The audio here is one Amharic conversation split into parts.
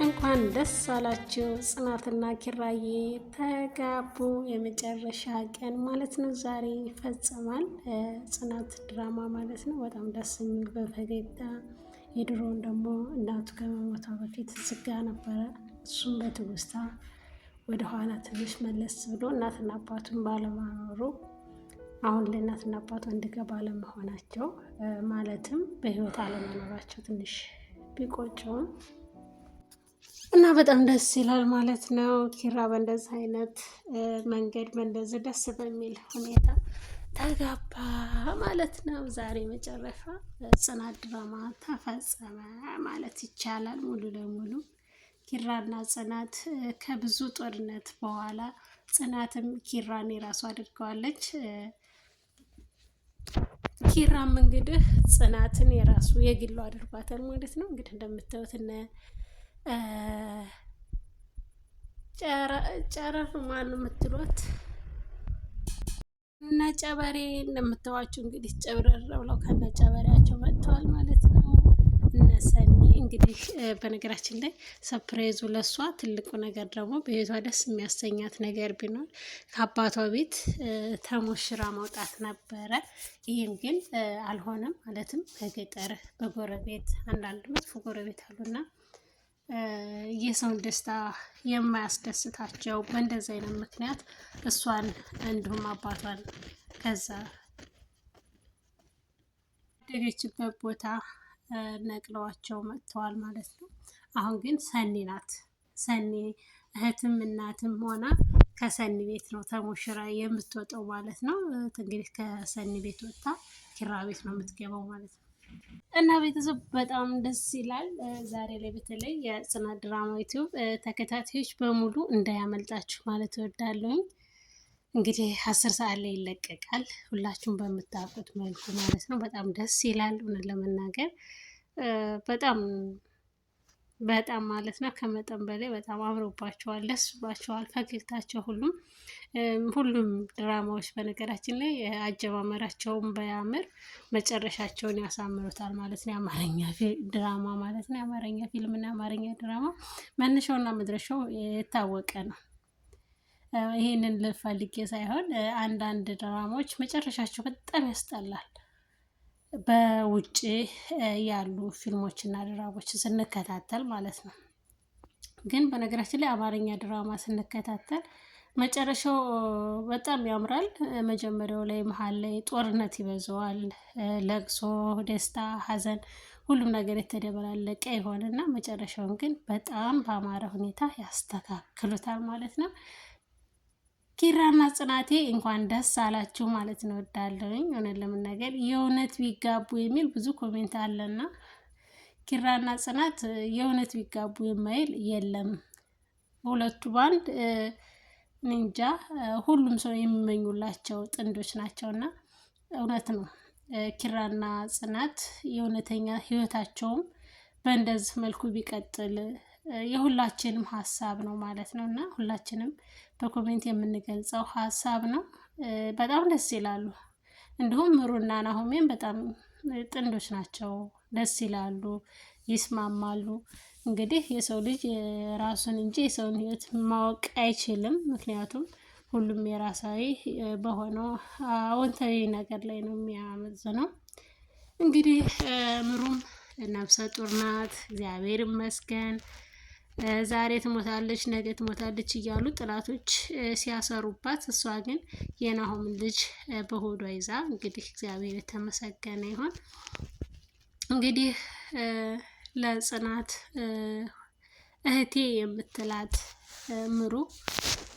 እንኳን ደስ አላችሁ ጽናትና ኪራዬ ተጋቡ። የመጨረሻ ቀን ማለት ነው ዛሬ ይፈጸማል። ጽናት ድራማ ማለት ነው በጣም ደስ የሚል በፈገግታ የድሮውን ደግሞ እናቱ ከመሞቷ በፊት ስጋ ነበረ። እሱም በትውስታ ወደኋላ ትንሽ መለስ ብሎ እናትና አባቱን ባለማኖሩ አሁን ለእናትና አባቱ ወንድገ ባለመሆናቸው ማለትም በህይወት አለመኖራቸው ትንሽ ቢቆጨውም እና በጣም ደስ ይላል ማለት ነው። ኪራ በእንደዚህ አይነት መንገድ በእንደዚህ ደስ በሚል ሁኔታ ተጋባ ማለት ነው። ዛሬ መጨረሻ ጽናት ድራማ ተፈጸመ ማለት ይቻላል ሙሉ ለሙሉ ኪራና ጽናት ከብዙ ጦርነት በኋላ ጽናትም ኪራን የራሱ አድርገዋለች። ኪራም እንግዲህ ጽናትን የራሱ የግሉ አድርጓታል ማለት ነው። እንግዲህ እንደምታዩት እነ ጨረፍ ማን የምትሏት እነ ጨበሬ እንደምታዋቸው እንግዲህ ጨብረር ብለው ከነ ጨበሬያቸው መጥተዋል ማለት ነው። እነ ሰኒ እንግዲህ በነገራችን ላይ ሰፕሬዙ ለሷ ትልቁ ነገር ደግሞ በቤቷ ደስ የሚያሰኛት ነገር ቢኖር ከአባቷ ቤት ተሞሽራ መውጣት ነበረ። ይህም ግን አልሆነም። ማለትም በገጠር በጎረቤት አንዳንድ መጥፎ ጎረቤት አሉና የሰውን ደስታ የማያስደስታቸው በእንደዚህ አይነት ምክንያት እሷን እንዲሁም አባቷን ከዛ ደገችበት ቦታ ነቅለዋቸው መጥተዋል ማለት ነው። አሁን ግን ሰኒ ናት። ሰኒ እህትም እናትም ሆና ከሰኒ ቤት ነው ተሞሽራ የምትወጣው ማለት ነው። እንግዲህ ከሰኒ ቤት ወጥታ ኪራ ቤት ነው የምትገባው ማለት ነው። እና ቤተሰብ በጣም ደስ ይላል። ዛሬ ላይ በተለይ የጽናት ድራማ ዩቲዩብ ተከታታዮች በሙሉ እንዳያመልጣችሁ ማለት እወዳለሁኝ። እንግዲህ አስር ሰዓት ላይ ይለቀቃል ሁላችሁም በምታውቁት መልኩ ማለት ነው። በጣም ደስ ይላል እውነት ለመናገር በጣም በጣም ማለት ነው ከመጠን በላይ በጣም አምሮባቸዋል፣ ደስ ባቸዋል፣ ፈገግታቸው። ሁሉም ሁሉም ድራማዎች በነገራችን ላይ አጀማመራቸውን በያምር መጨረሻቸውን ያሳምሩታል ማለት ነው። የአማርኛ ድራማ ማለት ነው የአማርኛ ፊልም እና የአማርኛ ድራማ መነሻውና መድረሻው የታወቀ ነው። ይህንን ልፈልጌ ሳይሆን አንዳንድ ድራማዎች መጨረሻቸው በጣም ያስጠላል። በውጭ ያሉ ፊልሞችና ድራማዎች ስንከታተል ማለት ነው። ግን በነገራችን ላይ አማርኛ ድራማ ስንከታተል መጨረሻው በጣም ያምራል። መጀመሪያው ላይ መሀል ላይ ጦርነት ይበዛዋል፣ ለቅሶ፣ ደስታ፣ ሀዘን ሁሉም ነገር የተደበላለቀ ይሆንና መጨረሻውን ግን በጣም በአማረ ሁኔታ ያስተካክሉታል ማለት ነው። ኪራና ጽናቴ እንኳን ደስ አላችሁ ማለት ነው። እወዳለሁኝ እውነት ለመናገር የእውነት ቢጋቡ የሚል ብዙ ኮሜንት አለና ኪራና ጽናት የእውነት ቢጋቡ የማይል የለም። ሁለቱ ባንድ እንጃ ሁሉም ሰው የሚመኙላቸው ጥንዶች ናቸውና እውነት ነው። ኪራና ጽናት የእውነተኛ ህይወታቸውም በእንደዚህ መልኩ ቢቀጥል የሁላችንም ሀሳብ ነው ማለት ነው እና ሁላችንም በኮሜንት የምንገልጸው ሀሳብ ነው። በጣም ደስ ይላሉ። እንዲሁም ምሩና ናሆሜን በጣም ጥንዶች ናቸው። ደስ ይላሉ፣ ይስማማሉ። እንግዲህ የሰው ልጅ የራሱን እንጂ የሰውን ህይወት ማወቅ አይችልም። ምክንያቱም ሁሉም የራሳዊ በሆነው አዎንታዊ ነገር ላይ ነው የሚያመዝነው። እንግዲህ ምሩም ነፍሰ ጡር ናት። እግዚአብሔር ይመስገን። ዛሬ ትሞታለች፣ ነገ ትሞታለች እያሉ ጥላቶች ሲያሰሩባት፣ እሷ ግን የናሆም ልጅ በሆዷ ይዛ እንግዲህ እግዚአብሔር የተመሰገነ ይሆን እንግዲህ ለጽናት እህቴ የምትላት ምሩ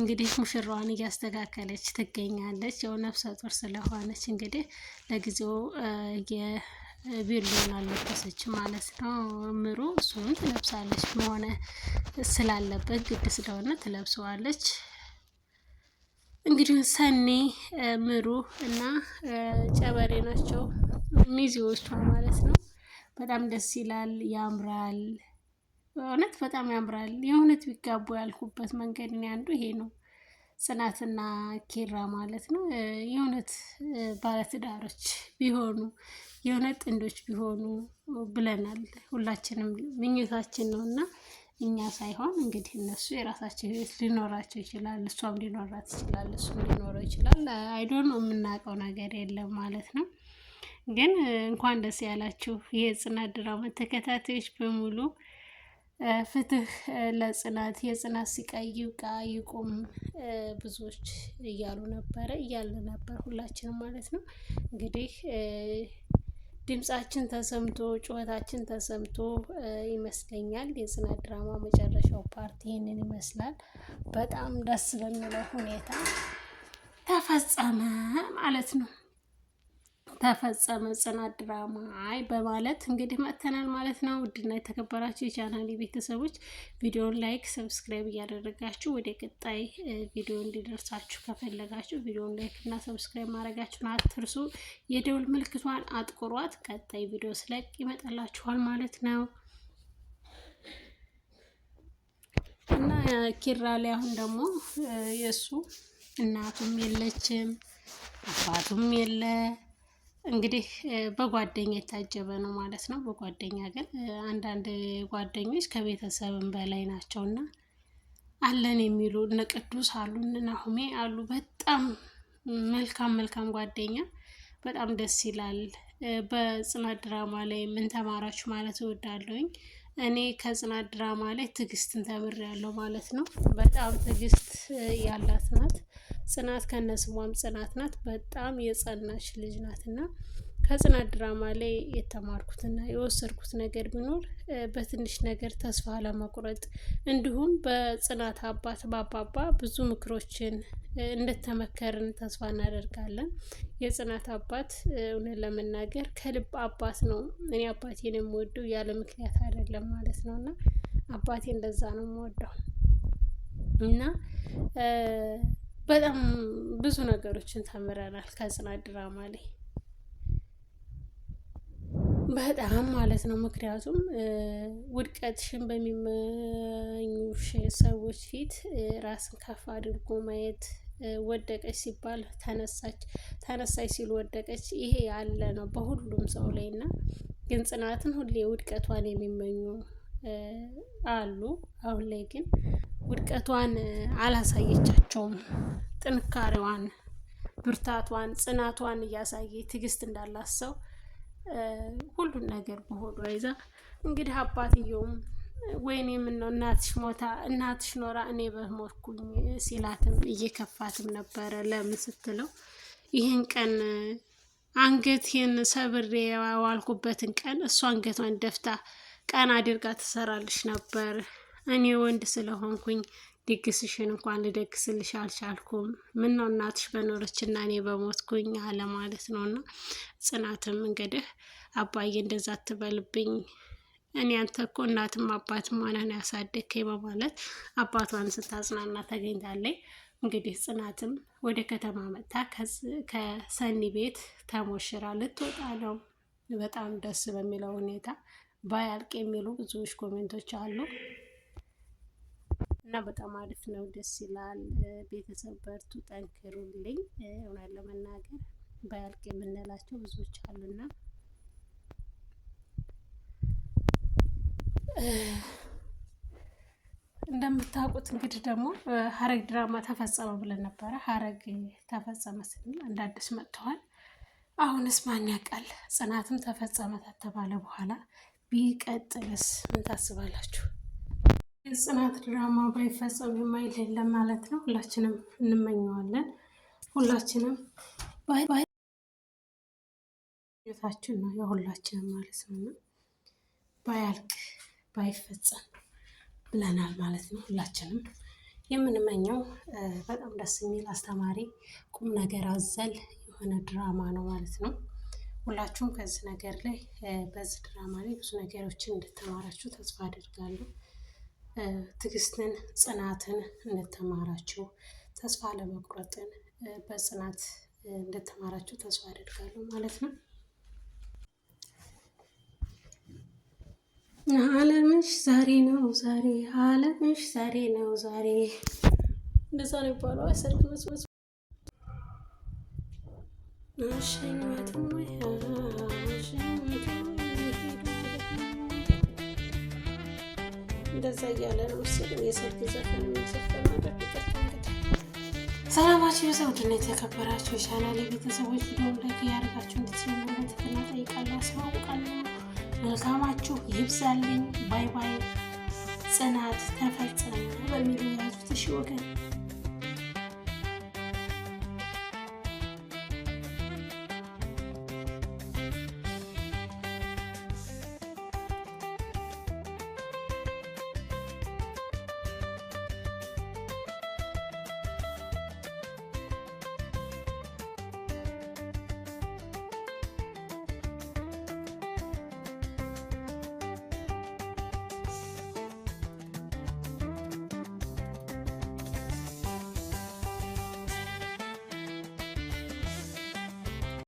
እንግዲህ ሙሽራዋን እያስተካከለች ትገኛለች። ያው ነፍሰ ጡር ስለሆነች እንግዲህ ለጊዜው ቬሎን አለበሰች ማለት ነው። ምሩ እሱን ትለብሳለች መሆነ ስላለበት ግድ ስለሆነ ትለብሰዋለች። እንግዲህ ሰኔ ምሩ እና ጨበሬ ናቸው ሚዜዎቿ ማለት ነው። በጣም ደስ ይላል፣ ያምራል። በእውነት በጣም ያምራል። የእውነት ቢጋቡ ያልኩበት መንገድ እኔ አንዱ ይሄ ነው። ጽናትና ኬራ ማለት ነው የእውነት ባለትዳሮች ቢሆኑ የእውነት ጥንዶች ቢሆኑ ብለናል። ሁላችንም ምኞታችን ነው እና እኛ ሳይሆን እንግዲህ እነሱ የራሳቸው ህይወት ሊኖራቸው ይችላል። እሷም ሊኖራት ይችላል። እሱም ሊኖረው ይችላል። አይዶን ነው የምናውቀው ነገር የለም ማለት ነው። ግን እንኳን ደስ ያላችሁ የጽናት ድራማ ተከታታዮች በሙሉ ፍትህ ለጽናት የጽናት ስቃይ ይብቃ ይቁም፣ ብዙዎች እያሉ ነበረ እያለ ነበር ሁላችንም ማለት ነው። እንግዲህ ድምጻችን ተሰምቶ ጩኸታችን ተሰምቶ ይመስለኛል የጽናት ድራማ መጨረሻው ፓርቲ ይህንን ይመስላል። በጣም ደስ በሚለው ሁኔታ ተፈጸመ ማለት ነው። ተፈጸመ ጽናት ድራማ አይ በማለት እንግዲህ መጥተናል ማለት ነው። ውድና የተከበራችሁ የቻናሌ ቤተሰቦች ቪዲዮን ላይክ፣ ሰብስክራይብ እያደረጋችሁ ወደ ቀጣይ ቪዲዮ እንዲደርሳችሁ ከፈለጋችሁ ቪዲዮን ላይክ እና ሰብስክራይብ ማድረጋችሁን አትርሱ። የደውል ምልክቷን አጥቁሯት። ቀጣይ ቪዲዮ ስለቅ ይመጣላችኋል ማለት ነው እና ኪራ ላይ አሁን ደግሞ የእሱ እናቱም የለችም አባቱም የለ እንግዲህ በጓደኛ የታጀበ ነው ማለት ነው። በጓደኛ ግን አንዳንድ ጓደኞች ከቤተሰብም በላይ ናቸው እና አለን የሚሉ እነ ቅዱስ አሉ እነ ናሁሜ አሉ። በጣም መልካም መልካም ጓደኛ በጣም ደስ ይላል። በጽናት ድራማ ላይ ምን ተማራችሁ ማለት እወዳለሁኝ። እኔ ከጽናት ድራማ ላይ ትዕግስትን ተምሬያለሁ ማለት ነው። በጣም ትዕግስት ያላት ናት። ጽናት ከነስሟም ጽናት ናት። በጣም የጸናች ልጅ ናት እና ከጽናት ድራማ ላይ የተማርኩትና የወሰድኩት ነገር ቢኖር በትንሽ ነገር ተስፋ ለመቁረጥ እንዲሁም በጽናት አባት በአባባ ብዙ ምክሮችን እንደተመከርን ተስፋ እናደርጋለን። የጽናት አባት እውነት ለመናገር ከልብ አባት ነው። እኔ አባቴን የምወደው ያለ ምክንያት አይደለም ማለት ነው እና አባቴ እንደዛ ነው የምወደው እና በጣም ብዙ ነገሮችን ተምረናል ከጽናት ድራማ ላይ በጣም ማለት ነው። ምክንያቱም ውድቀትሽን በሚመኙሽ ሰዎች ፊት ራስን ከፍ አድርጎ ማየት ወደቀች ሲባል ተነሳች፣ ተነሳች ሲሉ ወደቀች። ይሄ ያለ ነው በሁሉም ሰው ላይ እና ግን ጽናትን ሁሌ ውድቀቷን የሚመኙ አሉ። አሁን ላይ ግን ውድቀቷን አላሳየቻቸውም። ጥንካሬዋን፣ ብርታቷን፣ ጽናቷን እያሳየ ትዕግስት እንዳላት ሰው ሁሉን ነገር በሆዷ ይዛ እንግዲህ አባትየውም ወይኔ ነው እናትሽ ሞታ እናትሽ ኖራ እኔ በሞትኩኝ ሲላትም እየከፋትም ነበረ። ለምን ስትለው ይህን ቀን አንገቴን ሰብሬ የዋልኩበትን ቀን እሷ አንገቷን ደፍታ ቀን አድርጋ ትሰራልሽ ነበር እኔ ወንድ ስለሆንኩኝ ድግስሽን እንኳን ልደግስልሽ አልቻልኩም። ምን ነው እናትሽ በኖረችና እኔ በሞትኩኝ አለ ማለት ነው። እና ጽናትም እንግዲህ አባዬ እንደዛ አትበልብኝ እኔ አንተ እኮ እናትም አባትም ሆነን ነው ያሳደግከኝ በማለት አባቷን ስታጽናና ተገኝታለች። እንግዲህ ጽናትም ወደ ከተማ መጥታ ከሰኒ ቤት ተሞሽራ ልትወጣ ነው። በጣም ደስ በሚለው ሁኔታ ባያልቅ የሚሉ ብዙዎች ኮሜንቶች አሉ። እና በጣም አሪፍ ነው፣ ደስ ይላል። ቤተሰብ በርቱ፣ ጠንክሩልኝ። እውነት ለመናገር ባያልቅ የምንላቸው ብዙዎች አሉና እንደምታውቁት እንግዲህ ደግሞ ሀረግ ድራማ ተፈጸመ ብለን ነበረ። ሀረግ ተፈጸመ ስንል እንደ አዲስ መጥተዋል። አሁንስ ማን ያውቃል? ጽናትም ተፈጸመ ከተባለ በኋላ ቢቀጥልስ ምን ታስባላችሁ? የጽናት ድራማ ባይፈጸም የማይል የለም ማለት ነው። ሁላችንም እንመኘዋለን። ሁላችንም ታችን ነው የሁላችንም ማለት ነው። ባያልቅ ባይፈጸም ብለናል ማለት ነው። ሁላችንም የምንመኘው በጣም ደስ የሚል አስተማሪ፣ ቁም ነገር አዘል የሆነ ድራማ ነው ማለት ነው። ሁላችሁም ከዚህ ነገር ላይ በዚህ ድራማ ላይ ብዙ ነገሮችን እንደተማራችሁ ተስፋ አድርጋለሁ። ትዕግስትን፣ ጽናትን እንደተማራችሁ ተስፋ ለመቁረጥን በጽናት እንደተማራችሁ ተስፋ አደርጋለሁ ማለት ነው። አለምሽ ዛሬ ነው ዛሬ አለምሽ ዛሬ ነው ዛሬ እንደዛ ነው ይባለው። ሰርግ መስመስ አሸኛት ወይ አሸኛት እንደዛ እያለ ነው መሰለኝ የሰርግ ዘፈን የሚዘፈን ነገር ሰላማችሁ ይብዛ። ውድና የተከበራችሁ የቻናሌ ቤተሰቦች ቪዲዮውን ላይክ እያደረጋችሁ እንድትጀምሩ በትህትና እጠይቃለሁ። አስማውቃለሁ። መልካማችሁ ይብዛልኝ። ባይ ባይ። ጽናት ተፈጸመ በሚል ያዙት። እሺ ወገን